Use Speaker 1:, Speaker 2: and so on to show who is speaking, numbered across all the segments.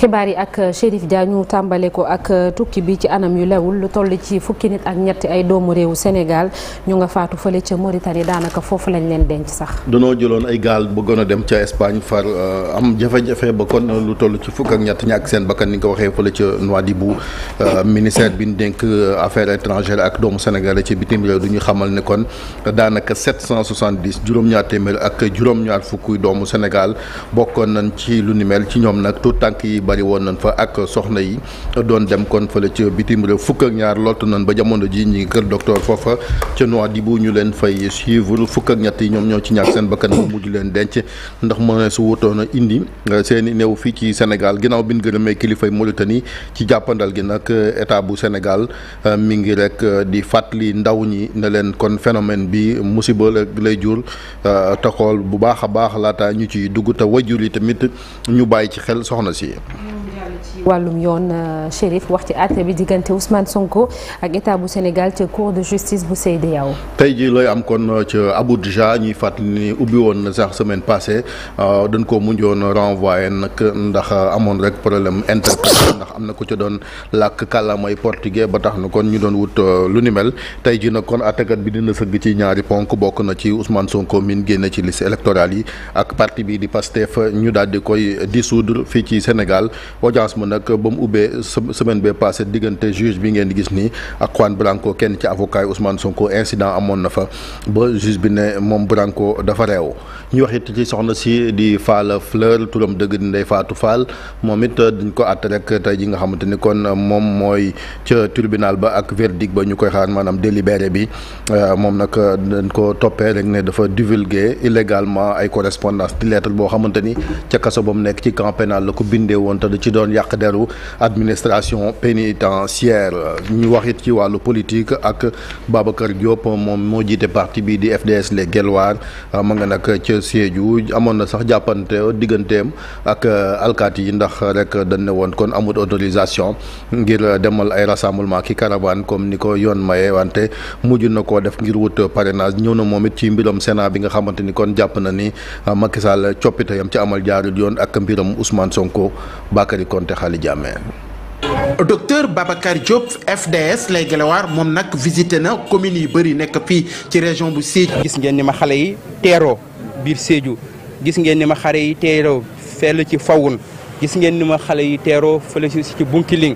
Speaker 1: xibaar yi ak Chérif Dia ñu tàmbale ko ak euh, tukki bi ci anam yu lewul lu toll ci fukki nit ak ñetti ay doomu réew Sénégal ñu nga faatu fële ca Mauritanie daanaka foofu lañ leen denc sax.
Speaker 2: danoo jëloon ay gaal bëggoon a dem ca Espagne far euh, am jafe-jafe ba kon lu toll ci fukk ak ñett ñàkk seen bakkan ni nga ko waxee fële ca Nouadhibou euh, ministère bi ñu dénk affaires étrangères ak doomu Sénégal ci bitim réew du ñu xamal ne kon daanaka sept cent soixante dix juróom-ñaar téeméer ak juróom-ñaar doomu Sénégal bokkoon nañ ci lu ni ci ñoom nag tout tànk yi bari woon nañ fa ak soxna yi doon dem kon fële ci bitim réew fukk ak ñaar lott nañ ba jamono ji ñi ngi kër docteur foofa ca Nouadhibou ñu leen fay suivre fukk ak ñett yi ñoom ñoo ci ñàkk seen bakkan ba mujj leen denc ndax mënees wutoon a indi seeni i néew fii ci Sénégal ginnaaw bi ñu gërëmee kilifay Mauritanie ci jàppandal gi nag état bu senegal euh, mi ngi rek euh, di fàttali ndaw ñi ne leen kon phénomène bi musiba lay jur euh, xool bu baax a baax laata ñu ci dugg te wajur yi tamit ñu bàyyi ci xel soxna si
Speaker 1: wàllum yoon euh, Chérif wax ci àtte bi diggante Ousmane Sonko ak état bu Sénégal ca cour de justice bu CEDEAO.
Speaker 2: tey jii lay am kon ca Abuja ñuy fàttali ni ubbi woon na sax semaine passée euh, dañ ko mujjoon renvoyé nag ndax amoon rek problème interprète ndax am na ko ca doon làkk kàllaamay portugais ba tax na kon ñu doon wut euh, lu ni mel tey jii nag kon àttekat bi dina sëgg ci ñaari ponk bokk na ci Ousmane Sonko min génne ci liste électorale yi ak parti bi di Pastef ñu daal di koy dissoudre fii ci Sénégal nag ba mu ubbee semaine bee passé diggante juge bi ngeen di gis nii ak Juan Branco kenn ci avocat yi Ousmane Sonko incident amoon na fa ba juge bi ne moom Branco dafa reew ñu wax it ci soxna si di Fall Fleur turam dëgg di Ndeye Fatou Fall moom it dañ ko àtt rek tey ji nga xamante ni kon moom mooy ca tribunal ba ak verdict ba ñu koy xaar maanaam délibéré bi euh, moom nag dañ ko toppee rek ne dafa divulguer illégalement ay correspondance di lettre boo xamante ni ca kaso ba mu nekk ci camp la ko bindee woon te ci doon yàq deru administration pénitentiaire ñu wax it ci wàllu politique ak Babacar Diop moom moo jiite parti bi di FDS les Guelwaar ah, ma nga nag ca Sédhiou amoon na sax jàppante digganteem ak ah, alkaati yi ndax rek dañ ne woon kon amul autorisation ngir demal ay rassemblement ki caravane comme ni ko yoon maye wante mujj na koo def ngir wut parrainage ñëw na moom it ci mbiram Sénat bi nga xamante ni kon jàpp na ni ah, Macky Sall coppite yam ci amal jaarul yoon ak mbiram Ousmane Sonko Ali Diamé
Speaker 3: docteur Babacar Diop FDS lay gelewaar moom nag visité na commune yu bëri nekk fii ci région bu Sédhiou. gis ngeen ni ma xale yi teeroo biir Sédhiou gis ngeen ni ma xale yi teeroo fell ci fawun gis ngeen ni ma xale yi teeroo fële ci Bunkiling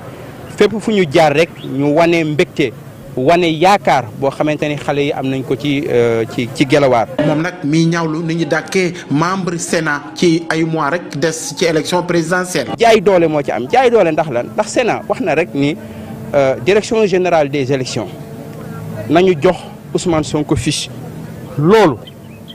Speaker 3: fépp fu ñu jaar rek ñu wane mbégte. wane yaakaar boo xamante ni xale yi am nañ ko ci euh, ci ci gelawaar. moom nag mi ñawlu ni ñu dàkkee membre Sénat ci ay mois rek des ci élection présidentielle. jaay doole moo ci am jaay doole ndax la ndax Sénat wax na rek ni euh, direction générale des élections nañu jox Ousmane Sonko fiche loolu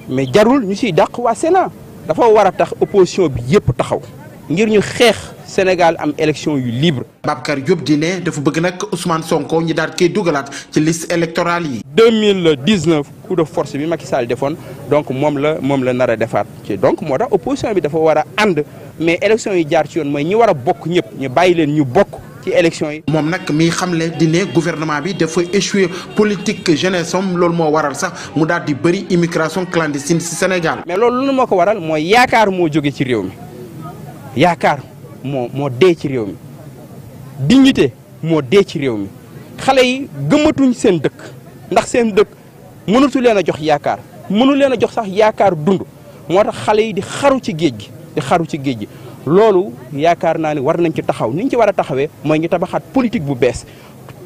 Speaker 3: mais jarul ñu siy dàq waa Sénat dafa war a tax opposition bi yëpp taxaw ngir ñu xeex. Sénégal am élection yu libre. Babacar Diop di ne dafa bëgg nag Ousmane Sonko ñi daal koy dugalaat ci liste électorale yi. 2019 coup de force bi Macky saal defoon donc moom la moom la nar a defaat ci donc moo tax opposition bi dafa war a ànd mais élection yi jaar ci yoon mooy ñi war a bokk ñëpp ñu bàyyi leen ñu bokk. ci élection yi. moom nag mi xamle di ne gouvernement bi dafa échoué politique jeunesse som loolu moo waral sax mu daal di bëri immigration clandestine ci Sénégal. mais loolu lu moo ko waral mooy yaakaar moo jóge ci réew mi moo moo dee ci réew mi di dignité moo dee ci réew mi xale yi gëmatuñ seen dëkk ndax seen dëkk mënatu leen a jox yaakaar mënu leen a jox sax yaakaar dund moo tax xale yi di xaru ci géej gi di xaru ci géej gi loolu yaakaar naa ne war nañ ci taxaw ni ñu ci war a taxawee mooy ñu tabaxaat politique bu bees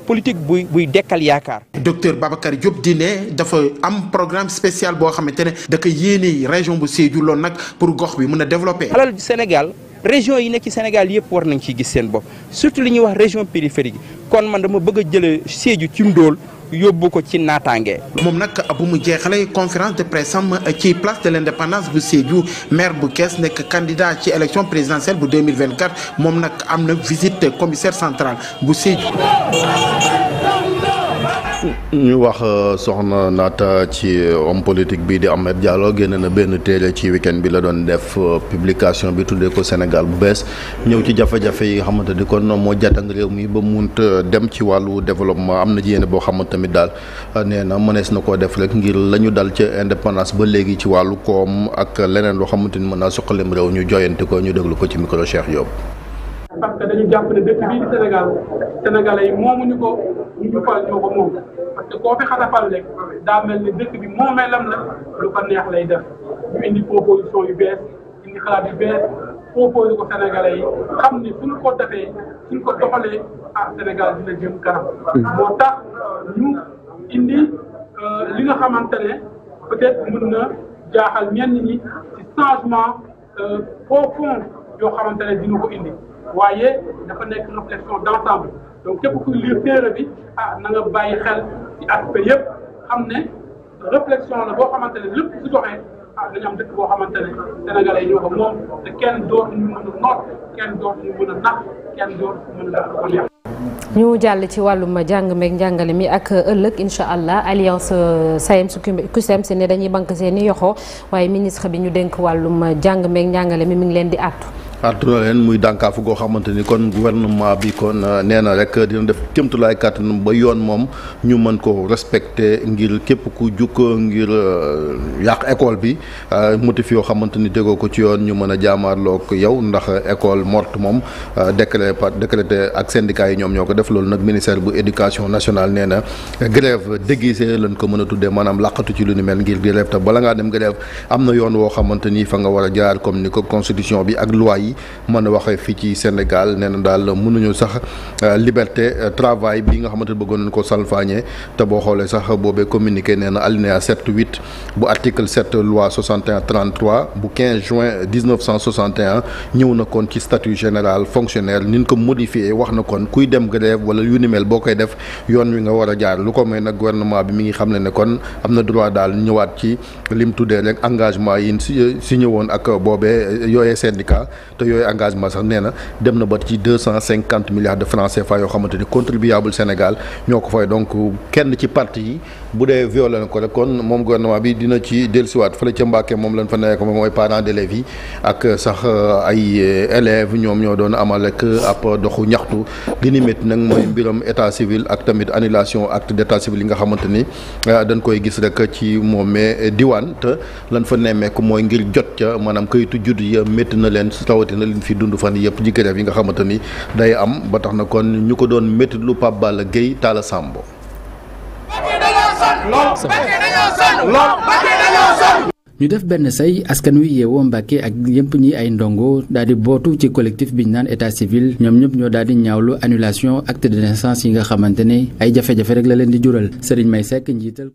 Speaker 3: politique buy buy dekkal yaakaar. docteur Babacar Diop di ne dafa am programme spécial boo xamante ne da ko yéene région bu Sédhiou loolu nag pour gox bi mun a développer. alal Sénégal. région yi nekk ci Sénégal yëpp war nañ ciy gis seen bopp surtout li ñuy wax région périphérique kon man dama bëgg a jëlee Sédhiou ci ndóol yóbbu ko ci naataange. moom nag bu mu jeexalee conférence de presse am ci place de l' bu Sédhiou maire bu Kees nekk candidat ci élection présidentielle bu 2024 moom nag am na visite commissaire central bu Sédhiou.
Speaker 2: ñu wax euh, soxna naata ci euh, homme politique bi di Ahmed Diallo génne na benn téere ci weekend bi la doon def euh, publication bi tuddee ko Sénégal bu bees ñëw ci jafe-jafe yi nga xamante ni kon moo jàttang réew mi ba munt dem ci wàllu développement am na ci boo xamante tamit daal nee na mënees na koo def rek ngir la ñu dal ca indépendance ba léegi ci wàllu koom ak leneen loo xamante ni mën naa suqalem réew ñu joyante ko ñu déglu ko ci micro Cheikh Diop.
Speaker 3: ñi ñu fal ñoo ko moom parce que koo fi xatafal rek daa mel ni dëkk bi moomeelam la lu ko neex lay def ñu indi proposition yu bees indi xalaat yu bees proposé ko Sénégalais yi xam ni suñ ko defee suñ ko doxalee ah Sénégal dina jëm kanam. Hmm. moo tax ñu indi euh, li nga xamante ne peut-être mën na jaaxal ñenn ñi ci changement euh, profond yoo xamante ne dina ko indi waaye dafa nekk réflexion d'ensemble. donc képp ku lire téere bi ah bàyyi xel ci aspect yëpp xam ne réflexion la boo xamante ne ah, boo xamante ne
Speaker 1: ñu jàll ci wàllum jàng meeg njàngale mi ak ëllëg incha allah alliance euh, SAEMS CUSEMS ne dañuy bank seen i yoxoo waaye ministre bi ñu dénk wàllum jàng meeg njàngale mi mi ngi leen di àttu.
Speaker 2: artu na leen muy dànkaafu goo xamante ni kon gouvernement bi kon euh, nee na rek dina def kémtulaay kàttanam ba yoon moom ñu mën ko respecte ngir képp ku jukk ngir euh, yàq école bi euh, motif yoo xamante ni déggoo ko ci yoon ñu mën a jaamaarloo ko yow ndax école morte moom décret par décrété ak syndicat yi ñoom ñoo ko def loolu nag ministère bu éducation nationale nee na grève déguisée lañ ko mën a tuddee maanaam làqatu ci lu ni mel ngir grève te bala ngaa dem grève am na yoon woo xamante ni fa nga war a jaar comme ni ko constitution bi ak loi yi mën a waxee fii ci Sénégal nee na daal munuñu sax euh, liberté euh, travail bi nga xamante ne bëggoon nañu ko salfaañee te boo xoolee sax boobee communiqué nee na alinéa 7 8 bu article 7 loi 61 33 bu 15 juin 1961 ñëw na kon ci statut général fonctionnaire ni ñu ko modifié wax na kon kuy dem grève wala yu ni mel boo koy def yoon wi nga war a jaar lu ko moy nag gouvernement bi mi ngi xam ne ne kon am na droit daal ñëwaat ci lim tuddee rek engagement yi si ñëwoon ak boobee yooyee syndicat te yooyu engagement sax nee na dem na ba ci deux cent cinquante milliards de francs CFA yoo xamante ni contribuable Sénégal ñoo ko fay donc kenn ci parti yi bu dee violé na ko rek kon moom gouvernement bi dina ci dellusiwaat fële ca Mbàkke moom lañ fa nekk moom mooy ak sax euh, ay euh, élèves ñoom ñoo doon amal ak euh, ab ñaxtu li ni métti nag mooy ak tamit annulation acte d' état civil nga xamante ni dañ koy gis rek ci moom mais diwaan te lan fa nemmeeku mooy ngir jot ca maanaam kayitu judd ya métti na leen rawatina liñ fi dund fan yëpp ji grève yi nga xamante day am ba tax na kon ñu ko doon métti lu Pape Balla Gueye Talla Sambo. ñu def benn say askan wi yeewoo Mbàkke ak
Speaker 3: yëpp ñi ay ndongo daal di bootu ci collectif bi ñu naan état civil ñoom ñëpp ñoo daal di ñaawlu annulation acte de naissance yi nga xamante ne ay jafe-jafe rek la leen di jural Serigne May Seck njiital.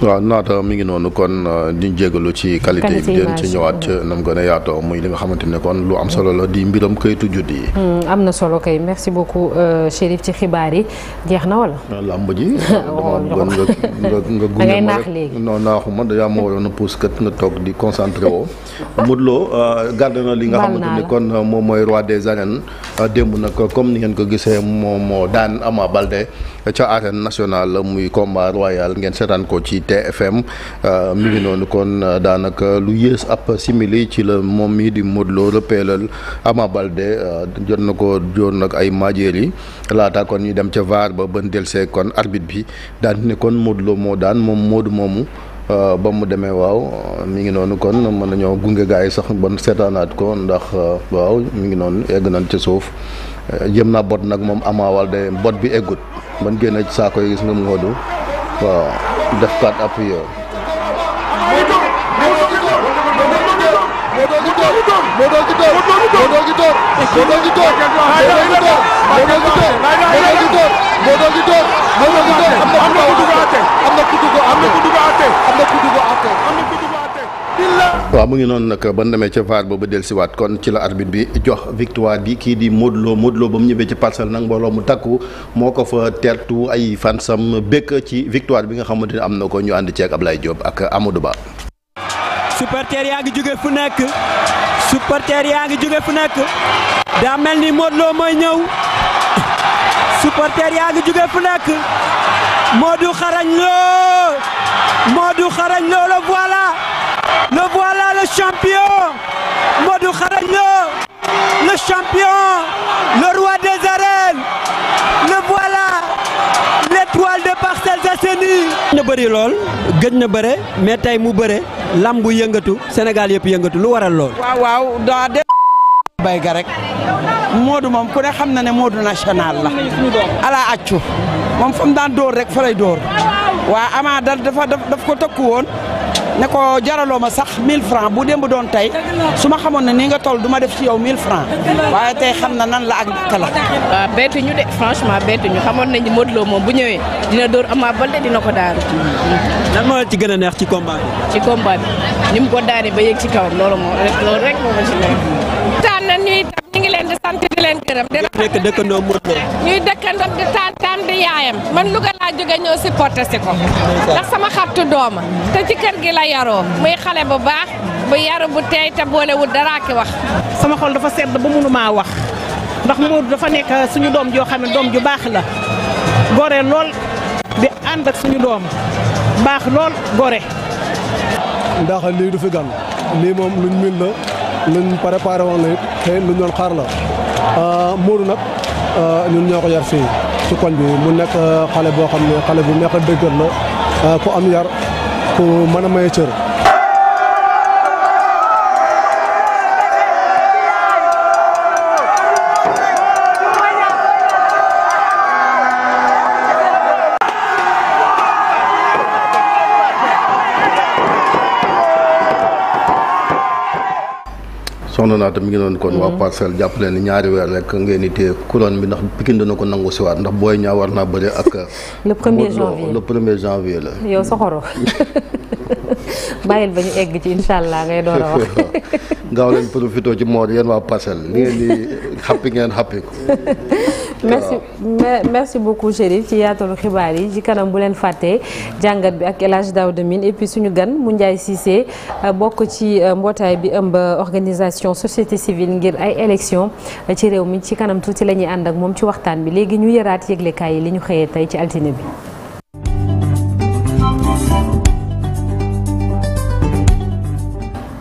Speaker 2: waaw naata mi ngi noonu kon euh, di jégalu ci qualité bi den ci ñëwaat ci euh, nam gën a yaatoo muy li nga xamante ne kon lu am solo la di mbiram kayitu judd yi
Speaker 1: hmm, am na solo kay merci beaucoup euh, Chérif ci xibaar yi jeex na wala
Speaker 2: ah, làmb ji dama nga nga gunge ngay naax léegi ma waroon a puus kat nga toog di concentré woo Modou Lo garde li nga xamante ne kon moo mooy roi des arènes démb nag comme ni ngeen ko gisee moom moo daan Ama Baldé ca arène nationale muy combat royal ngeen seetaan ko ci TFM euh, mi ngi noonu kon euh, daanaka lu yées ab simili ci la moom mii di Modou Lo rëppeelal euh, jot na ko joor nag ay maajeel yi laata kon ñu dem ca VAR ba bën delsee kon arbitre bi daan ne kon Modou moo daan moom Modou moomu ba mu demee waaw mi ngi noonu kon mën na nañoo gunge gars yi sax bon seetaanaat ko ndax waaw mi ngi noonu egg na ca suuf jëm naa bot nag moom Ama Baldé bot bi eggut ban génn ci saako yi gis nga Modou waaw def quatre appuis yooyu. moo doon waaw mu ngi noonu nag ban demee ca VAR boobu dellusiwaat kon ci la arbitre bi jox victoire bi kii di Modou Lo Modou Lo ba mu ñëwee ci parcelle nag mbooloo mu takku moo ko fa tertu ay fansam békk ci victoire bi nga xamante ne am na ko ñu ànd ceeg Ablaye Diop ak Amadou Ba.
Speaker 3: yaa ngi jóge fu nekk supporter ni Modou mooy ñëw supporter yaa ngi jóge fu nekk Modou xarañ loo Modou xarañ loo la voilà. Modou Xarañ Lo le champion le roi des arènes le voilà l'étoile de Parcelles Assainies gëj na bëri lool gëj na bëre mais tey mu bëre lambu yëngatu Sénégal yëpp yëngatu lu waral lool waaw waaw daa de bay ga rek Modou moom ku ne xam na ne Modou national la ala accu moom fa mu daan dóor rek fa lay dóor waa Ama dal dafa daf ko tëkku woon ne ko jaraloo ma sax mille francs bu dem démb doon tey su ma xamoon ne ni nga toll du def ci yow mille francs waaye tey xam na nan la ak naka la. waaw ah, bettu ñu de franchement bettu ñu xamoon nañu Modou Lo moom bu ñëwee dina dóor Ama
Speaker 1: Baldé dina ko daanu.
Speaker 3: lan moo ci gën a neex ci combat bi.
Speaker 1: ci combat bi ni mu ko daane ba
Speaker 3: yëg ci kawam loolu moo loolu rek moo ma ci neex.
Speaker 1: tànn ñuy leen di sant di leen gërëm. di
Speaker 3: rafetlu nekk dëkkandoo Modou Lo.
Speaker 1: ñuy dëkkandoo di taataam di yaayam man Louga laa jóge ñëw supporté si ko. ndax sama xaritu dooma te ci kër gi la yaroo muy xale bu baax bu yaru bu teey te boolewul daraa ki wax. sama xol dafa sedd ba mënumaa wax ndax
Speaker 3: Modou dafa nekk suñu doom joo xam ne doom ju baax la gore lool di ànd suñu doom baax lool gore. ndax lii du fi gan lii moom luñ mën la. ñu préparé woon la it te luñ doon xaar la euh, Modou nag euh, ñun ñoo ko yar fii ci koñ bi mu nekk euh, xale boo xam ne xale bu neex a dëggal la ku am yar ku mën a maye cër.
Speaker 2: soxna naata mi ngi doon kon waa mhm. parcelle jàpp leen ñaari weer rek ngeen di couronne bi ndax Pikine dina ko nangu si waat ndax booy ñaa war naa bëri ak. le premier janvier le premier la. yow
Speaker 1: soxoro bàyyil ba ñu egg ci incha allah ngay
Speaker 2: door a wax. gaaw leen profité ci moor yéen waa parcelle li ngeen di ngeen xàppi merci
Speaker 1: merci beaucoup ci yaatalu xibaar yi ci kanam bu leen fàttee jàngat bi ak El Hadj Daouda Mine et puis suñu gan mu Ndiaye siisee bokk ci euh, mbootaay bi ëmb organisation société civile ngir ay élection euh, ci réew mi ci kanam tuuti la ñuy ànd ak moom ci waxtaan bi léegi ñu yëraat yëglekaay yi li ñu xëyee tey ci altine bi